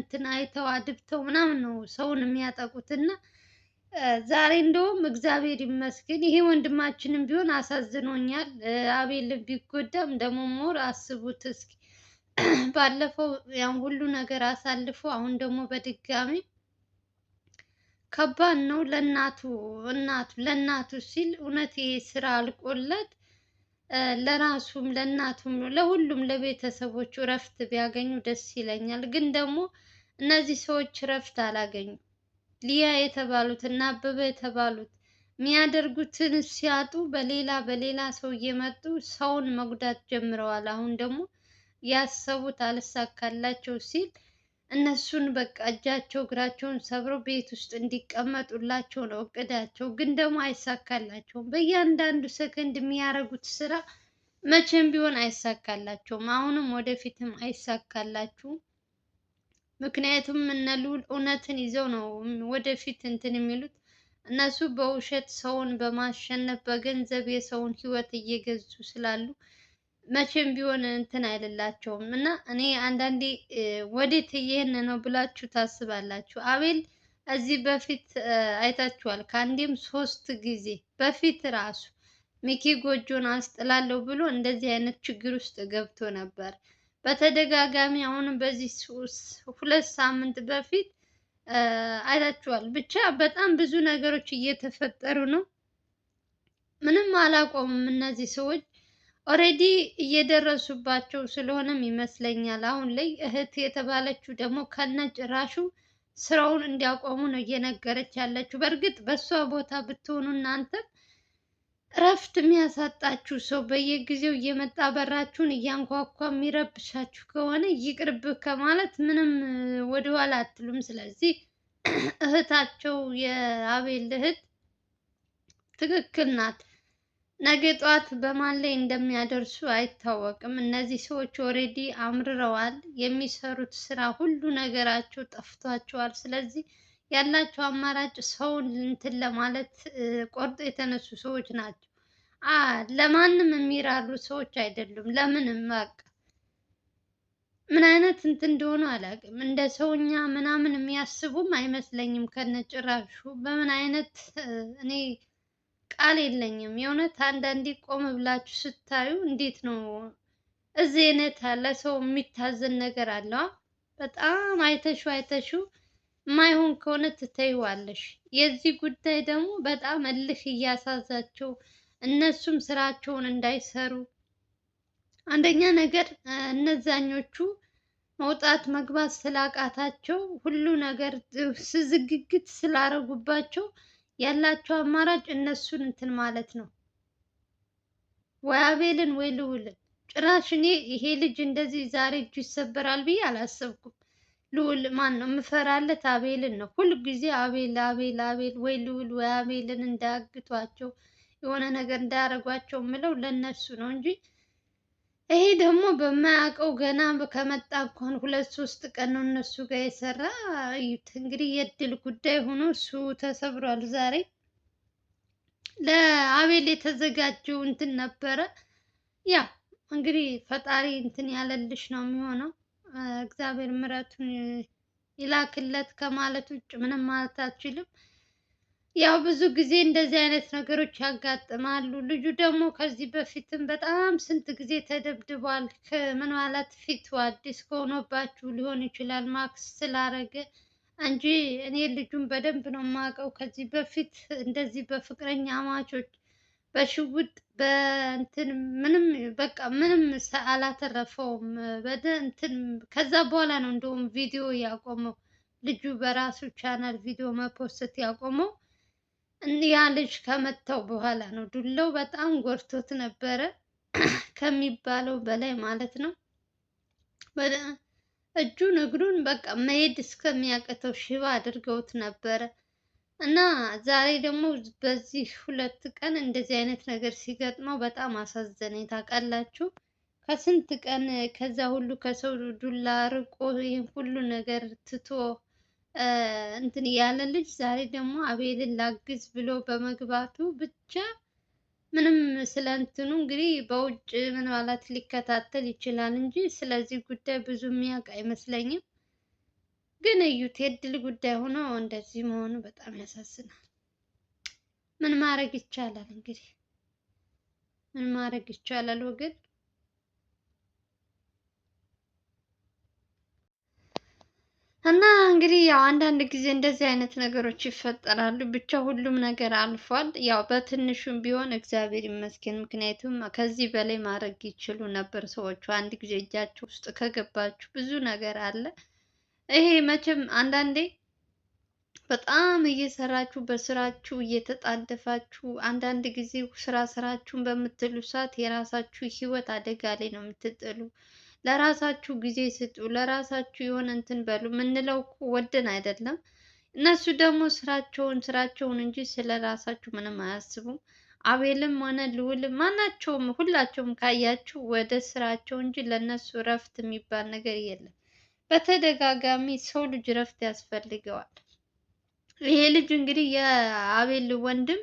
እንትን አይተው አድብተው ምናምን ነው ሰውን የሚያጠቁት እና ዛሬ እንደውም እግዚአብሔር ይመስገን ይሄ ወንድማችንም ቢሆን አሳዝኖኛል። አቤልን ቢጎዳም ደግሞ ሞር አስቡት እስኪ ባለፈው ያን ሁሉ ነገር አሳልፎ አሁን ደግሞ በድጋሚ ከባድ ነው። ለእናቱ እናቱ ለእናቱ ሲል እውነት ይሄ ስራ አልቆለት ለራሱም ለእናቱም ለሁሉም ለቤተሰቦቹ እረፍት ቢያገኙ ደስ ይለኛል ግን ደግሞ እነዚህ ሰዎች እረፍት አላገኙ። ሊያ የተባሉት እና አበበ የተባሉት የሚያደርጉትን ሲያጡ በሌላ በሌላ ሰው እየመጡ ሰውን መጉዳት ጀምረዋል። አሁን ደግሞ ያሰቡት አልሳካላቸው ሲል እነሱን በቃ እጃቸው እግራቸውን ሰብሮ ቤት ውስጥ እንዲቀመጡላቸው ነው እቅዳቸው። ግን ደግሞ አይሳካላቸውም። በእያንዳንዱ ሰከንድ የሚያደርጉት ስራ መቼም ቢሆን አይሳካላቸውም። አሁንም ወደፊትም አይሳካላችሁም። ምክንያቱም እነ ልዑል እውነትን ይዘው ነው ወደፊት እንትን የሚሉት። እነሱ በውሸት ሰውን በማሸነፍ በገንዘብ የሰውን ህይወት እየገዙ ስላሉ መቼም ቢሆን እንትን አይልላቸውም። እና እኔ አንዳንዴ ወዴት እየሄን ነው ብላችሁ ታስባላችሁ። አቤል እዚህ በፊት አይታችኋል። ከአንዴም ሶስት ጊዜ በፊት ራሱ ሚኪ ጎጆን አስጥላለሁ ብሎ እንደዚህ አይነት ችግር ውስጥ ገብቶ ነበር። በተደጋጋሚ አሁን በዚህ ሁለት ሳምንት በፊት አይታችኋል። ብቻ በጣም ብዙ ነገሮች እየተፈጠሩ ነው። ምንም አላቆምም እነዚህ ሰዎች ኦልሬዲ እየደረሱባቸው ስለሆነም ይመስለኛል። አሁን ላይ እህት የተባለችው ደግሞ ከነጭራሹ ስራውን እንዲያቆሙ ነው እየነገረች ያለችው። በእርግጥ በእሷ ቦታ ብትሆኑ እናንተም እረፍት የሚያሳጣችሁ ሰው በየጊዜው እየመጣ በራችሁን እያንኳኳ የሚረብሻችሁ ከሆነ ይቅርብ ከማለት ምንም ወደኋላ አትሉም። ስለዚህ እህታቸው የአቤል እህት ትክክል ናት። ነገ ጠዋት በማን ላይ እንደሚያደርሱ አይታወቅም። እነዚህ ሰዎች ኦሬዲ አምርረዋል። የሚሰሩት ስራ ሁሉ ነገራቸው ጠፍቷቸዋል። ስለዚህ ያላቸው አማራጭ ሰውን እንትን ለማለት ቆርጦ የተነሱ ሰዎች ናቸው። ለማንም የሚራሩ ሰዎች አይደሉም። ለምንም በቃ ምን አይነት እንትን እንደሆኑ አላውቅም። እንደ ሰውኛ ምናምን የሚያስቡም አይመስለኝም ከነጭራሹ። በምን አይነት እኔ ቃል የለኝም። የእውነት አንዳንዴ ቆም ብላችሁ ስታዩ እንዴት ነው እዚህ አይነት ለሰው የሚታዘን ነገር አለዋ። በጣም አይተሹ አይተሹ ማይሆን ከሆነ ትተይዋለሽ። የዚህ ጉዳይ ደግሞ በጣም እልህ እያሳዛቸው እነሱም ስራቸውን እንዳይሰሩ አንደኛ ነገር እነዛኞቹ መውጣት መግባት ስላቃታቸው ሁሉ ነገር ስዝግግት ስላረጉባቸው ያላቸው አማራጭ እነሱን እንትን ማለት ነው፣ ወይ አቤልን ወይ ልውልን ጭራሽ እኔ ይሄ ልጅ እንደዚህ ዛሬ እጁ ይሰበራል ብዬ አላሰብኩም። ልዑል ማን ነው የምፈራለት? አቤልን ነው። ሁል ጊዜ አቤል አቤል አቤል ወይ ልዑል ወይ አቤልን እንዳያግቷቸው የሆነ ነገር እንዳያደርጓቸው የምለው ለእነሱ ነው እንጂ ይሄ ደግሞ በማያውቀው ገና ከመጣ እንኳን ሁለት ሶስት ቀን ነው እነሱ ጋር የሰራ። እንግዲህ የድል ጉዳይ ሆኖ እሱ ተሰብሯል። ዛሬ ለአቤል የተዘጋጀው እንትን ነበረ። ያ እንግዲህ ፈጣሪ እንትን ያለልሽ ነው የሚሆነው እግዚአብሔር ምሕረቱን ይላክለት ከማለት ውጭ ምንም ማለት አትችልም። ያው ብዙ ጊዜ እንደዚህ አይነት ነገሮች ያጋጥማሉ። ልጁ ደግሞ ከዚህ በፊትም በጣም ስንት ጊዜ ተደብድቧል። ምን ማለት ፊቱ አዲስ ከሆኖባችሁ ሊሆን ይችላል ማክስ ስላረገ እንጂ እኔ ልጁን በደንብ ነው የማውቀው። ከዚህ በፊት እንደዚህ በፍቅረኛ አማቾች በሽጉጥ በእንትን ምንም በቃ ምንም አላተረፈውም። በደ እንትን ከዛ በኋላ ነው እንደውም ቪዲዮ ያቆመው ልጁ በራሱ ቻናል ቪዲዮ መፖስት ያቆመው ያ ልጅ ከመታው በኋላ ነው። ዱላው በጣም ጎርቶት ነበረ ከሚባለው በላይ ማለት ነው። እጁን እግሩን በቃ መሄድ እስከሚያቅተው ሽባ አድርገውት ነበረ። እና ዛሬ ደግሞ በዚህ ሁለት ቀን እንደዚህ አይነት ነገር ሲገጥመው በጣም አሳዘነኝ። ታውቃላችሁ ከስንት ቀን ከዛ ሁሉ ከሰው ዱላ ርቆ ይህን ሁሉ ነገር ትቶ እንትን ያለ ልጅ ዛሬ ደግሞ አቤልን ላግዝ ብሎ በመግባቱ ብቻ ምንም ስለ እንትኑ እንግዲህ በውጭ ምናልባት ሊከታተል ይችላል እንጂ ስለዚህ ጉዳይ ብዙ የሚያውቅ አይመስለኝም። ግን እዩት፣ የድል ጉዳይ ሆኖ እንደዚህ መሆኑ በጣም ያሳዝናል። ምን ማድረግ ይቻላል እንግዲህ ምን ማድረግ ይቻላል ወገን። እና እንግዲህ ያው አንዳንድ ጊዜ እንደዚህ አይነት ነገሮች ይፈጠራሉ። ብቻ ሁሉም ነገር አልፏል። ያው በትንሹም ቢሆን እግዚአብሔር ይመስገን። ምክንያቱም ከዚህ በላይ ማድረግ ይችሉ ነበር ሰዎቹ። አንድ ጊዜ እጃቸው ውስጥ ከገባችሁ ብዙ ነገር አለ። ይሄ መቼም አንዳንዴ በጣም እየሰራችሁ በስራችሁ እየተጣደፋችሁ አንዳንድ ጊዜ ስራ ስራችሁን በምትሉ ሰዓት የራሳችሁ ህይወት አደጋ ላይ ነው የምትጥሉ። ለራሳችሁ ጊዜ ስጡ፣ ለራሳችሁ የሆነ እንትን በሉ የምንለው ወደን አይደለም። እነሱ ደግሞ ስራቸውን ስራቸውን እንጂ ስለ ራሳችሁ ምንም አያስቡም። አቤልም ሆነ ልውል ማናቸውም ሁላቸውም ካያችሁ ወደ ስራቸው እንጂ ለእነሱ እረፍት የሚባል ነገር የለም። በተደጋጋሚ ሰው ልጅ እረፍት ያስፈልገዋል። ይሄ ልጅ እንግዲህ የአቤል ወንድም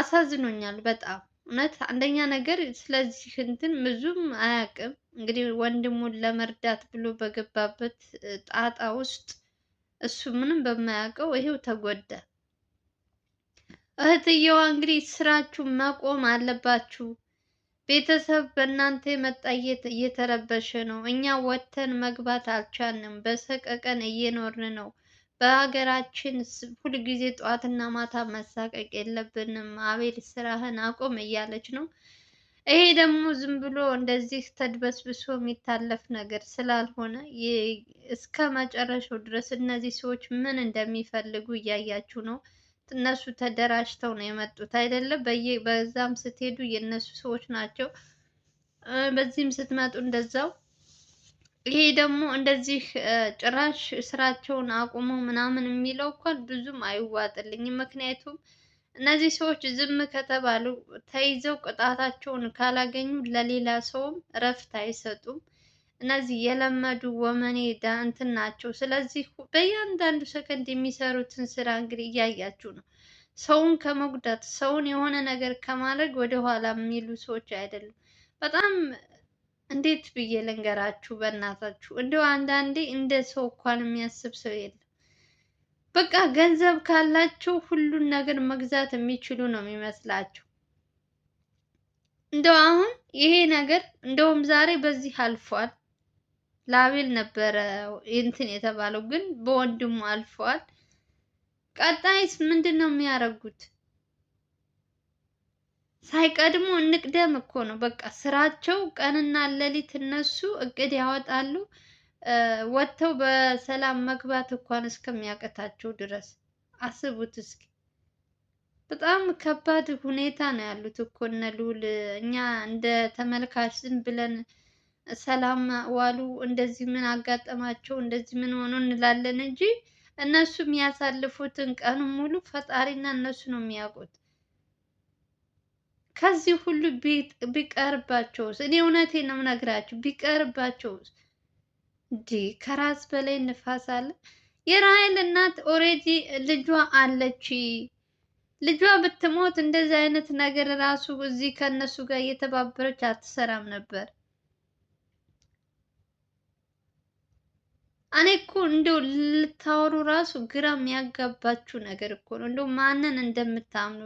አሳዝኖኛል በጣም እውነት። አንደኛ ነገር ስለዚህ እንትን ብዙም አያውቅም። እንግዲህ ወንድሙን ለመርዳት ብሎ በገባበት ጣጣ ውስጥ እሱ ምንም በማያውቀው ይሄው ተጎዳ። እህትየዋ እንግዲህ ስራችሁ መቆም አለባችሁ ቤተሰብ በእናንተ መጣየት እየተረበሸ ነው። እኛ ወተን መግባት አልቻልንም። በሰቀቀን እየኖርን ነው። በሀገራችን ሁልጊዜ ጠዋትና ማታ መሳቀቅ የለብንም። አቤል ስራህን አቁም እያለች ነው። ይሄ ደግሞ ዝም ብሎ እንደዚህ ተድበስብሶ የሚታለፍ ነገር ስላልሆነ እስከ መጨረሻው ድረስ እነዚህ ሰዎች ምን እንደሚፈልጉ እያያችሁ ነው። እነሱ ተደራጅተው ነው የመጡት አይደለም። በየ በዛም ስትሄዱ የእነሱ ሰዎች ናቸው፣ በዚህም ስትመጡ እንደዛው። ይሄ ደግሞ እንደዚህ ጭራሽ ስራቸውን አቁመው ምናምን የሚለው እንኳን ብዙም አይዋጥልኝም። ምክንያቱም እነዚህ ሰዎች ዝም ከተባሉ ተይዘው ቅጣታቸውን ካላገኙ ለሌላ ሰውም እረፍት አይሰጡም። እነዚህ የለመዱ ወመኔ እንትን ናቸው። ስለዚህ በእያንዳንዱ ሰከንድ የሚሰሩትን ስራ እንግዲህ እያያችሁ ነው። ሰውን ከመጉዳት ሰውን የሆነ ነገር ከማድረግ ወደኋላ የሚሉ ሰዎች አይደሉም። በጣም እንዴት ብዬ ልንገራችሁ በእናታችሁ፣ እንደው አንዳንዴ እንደ ሰው እንኳን የሚያስብ ሰው የለም። በቃ ገንዘብ ካላቸው ሁሉን ነገር መግዛት የሚችሉ ነው የሚመስላቸው። እንደው አሁን ይሄ ነገር እንደውም ዛሬ በዚህ አልፏል። ለአቤል ነበረ እንትን የተባለው ግን በወንድሙ አልፈዋል። ቀጣይስ ምንድን ነው የሚያደርጉት? ሳይቀድሙ እንቅደም እኮ ነው በቃ ስራቸው። ቀንና ሌሊት እነሱ እቅድ ያወጣሉ። ወጥተው በሰላም መግባት እንኳን እስከሚያቀታቸው ድረስ አስቡት እስኪ። በጣም ከባድ ሁኔታ ነው ያሉት እኮ እነ ልዑል። እኛ እንደ ተመልካች ዝም ብለን ሰላም ዋሉ፣ እንደዚህ ምን አጋጠማቸው፣ እንደዚህ ምን ሆኖ እንላለን እንጂ እነሱ የሚያሳልፉትን ቀን ሙሉ ፈጣሪና እነሱ ነው የሚያውቁት። ከዚህ ሁሉ ቢቀርባቸውስ? እኔ እውነቴ ነው የምነግራቸው። ቢቀርባቸውስ? እንዲህ ከራስ በላይ ንፋስ አለ። የራሔል እናት ኦሬዲ ልጇ አለች። ልጇ ብትሞት እንደዚህ አይነት ነገር ራሱ እዚህ ከእነሱ ጋር እየተባበረች አትሰራም ነበር። እኔ እኮ እንደው ልታወሩ ራሱ ግራ የሚያጋባችሁ ነገር እኮ ነው። እንደው ማንን እንደምታምኑ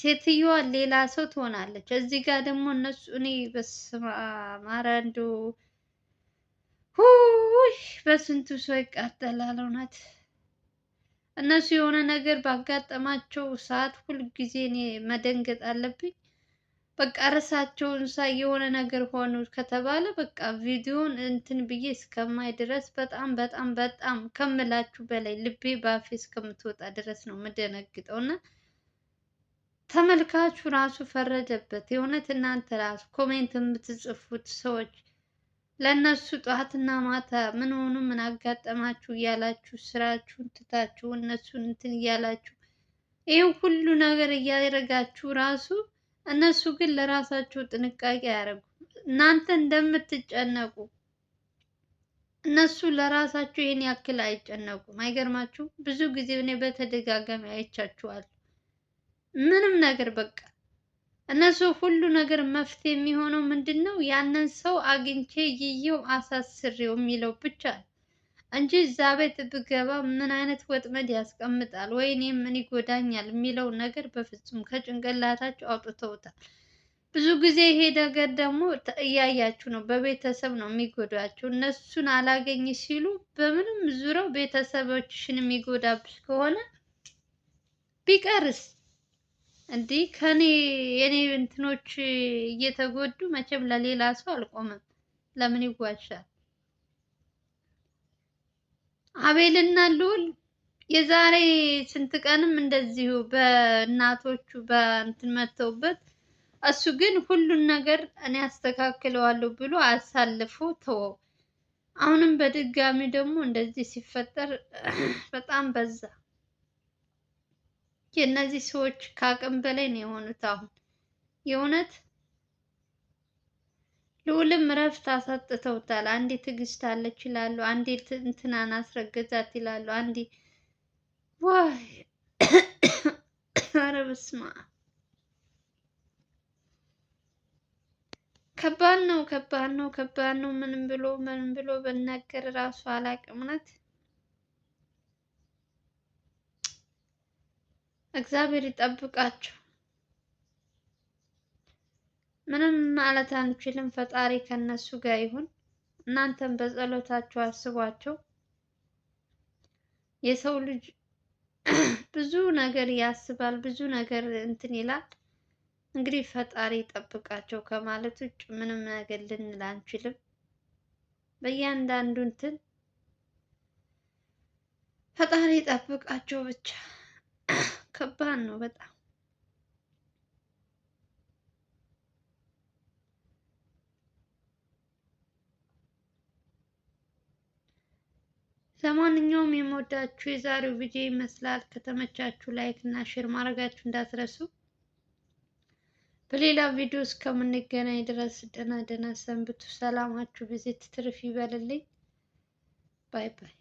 ሴትዮዋ ሌላ ሰው ትሆናለች። እዚህ ጋር ደግሞ እነሱ እኔ በስመ አብ ኧረ እንደው ውይ በስንቱ ሰው ይቃጠላል። እውነት እነሱ የሆነ ነገር ባጋጠማቸው ሰዓት ሁልጊዜ እኔ መደንገጥ አለብኝ። በቃ ርሳቸውን ሳይ የሆነ ነገር ሆኑ ከተባለ በቃ ቪዲዮን እንትን ብዬ እስከማይ ድረስ በጣም በጣም በጣም ከምላችሁ በላይ ልቤ ባፌ እስከምትወጣ ድረስ ነው የምደነግጠው። እና ተመልካቹ ራሱ ፈረደበት። የእውነት እናንተ ራሱ ኮሜንት የምትጽፉት ሰዎች ለእነሱ ጠዋትና ማታ ምን ሆኑ ምን አጋጠማችሁ እያላችሁ ስራችሁን ትታችሁ እነሱን እንትን እያላችሁ ይህ ሁሉ ነገር እያደረጋችሁ ራሱ እነሱ ግን ለራሳቸው ጥንቃቄ አያደርጉም። እናንተ እንደምትጨነቁ እነሱ ለራሳቸው ይህን ያክል አይጨነቁም። አይገርማችሁ? ብዙ ጊዜ እኔ በተደጋጋሚ አይቻችኋል። ምንም ነገር በቃ እነሱ ሁሉ ነገር መፍትሄ የሚሆነው ምንድን ነው? ያንን ሰው አግኝቼ ይየው አሳስሬው የሚለው ብቻ ነው። እንጂ እዛ ቤት ብገባ ምን አይነት ወጥመድ ያስቀምጣል፣ ወይኔ ምን ይጎዳኛል የሚለውን ነገር በፍጹም ከጭንቅላታቸው አውጥተውታል። ብዙ ጊዜ ይሄ ነገር ደግሞ እያያችሁ ነው፣ በቤተሰብ ነው የሚጎዳቸው። እነሱን አላገኝ ሲሉ በምንም ዙረው ቤተሰቦችሽን የሚጎዳብሽ ከሆነ ቢቀርስ እንዲህ ከኔ የኔ እንትኖች እየተጎዱ መቼም ለሌላ ሰው አልቆምም። ለምን ይዋሻል? አቤልና ልዑል የዛሬ ስንት ቀንም እንደዚሁ በእናቶቹ በእንትን መተውበት፣ እሱ ግን ሁሉን ነገር እኔ አስተካክለዋለሁ ብሎ አሳልፎ ተወው። አሁንም በድጋሚ ደግሞ እንደዚህ ሲፈጠር በጣም በዛ። የእነዚህ ሰዎች ከአቅም በላይ ነው የሆኑት አሁን የእውነት ልዑልም እረፍት አሳጥተውታል። አንዴ ትዕግስት አለች ይላሉ፣ አንዴ እንትናን አስረገዛት ይላሉ፣ አንዴ ዋይ አረ በስመ አብ ከባድ ነው፣ ከባድ ነው፣ ከባድ ነው። ምንም ብሎ ምንም ብሎ በናገር እራሱ አላውቅም። እውነት እግዚአብሔር ይጠብቃቸው። ምንም ማለት አንችልም። ፈጣሪ ከነሱ ጋር ይሁን። እናንተም በጸሎታችሁ አስቧቸው። የሰው ልጅ ብዙ ነገር ያስባል፣ ብዙ ነገር እንትን ይላል። እንግዲህ ፈጣሪ ጠብቃቸው ከማለት ውጭ ምንም ነገር ልንል አንችልም። በእያንዳንዱ እንትን ፈጣሪ ጠብቃቸው ብቻ። ከባድ ነው በጣም ለማንኛውም የምወዳችሁ የዛሬው ቪዲዮ ይመስላል። ከተመቻችሁ ላይክ እና ሼር ማድረጋችሁ እንዳትረሱ። በሌላ ቪዲዮ እስከምንገናኝ ድረስ ደህና ደህና ሰንብቱ። ሰላማችሁ ብዜት ትርፍ ይበልልኝ። ባይ ባይ።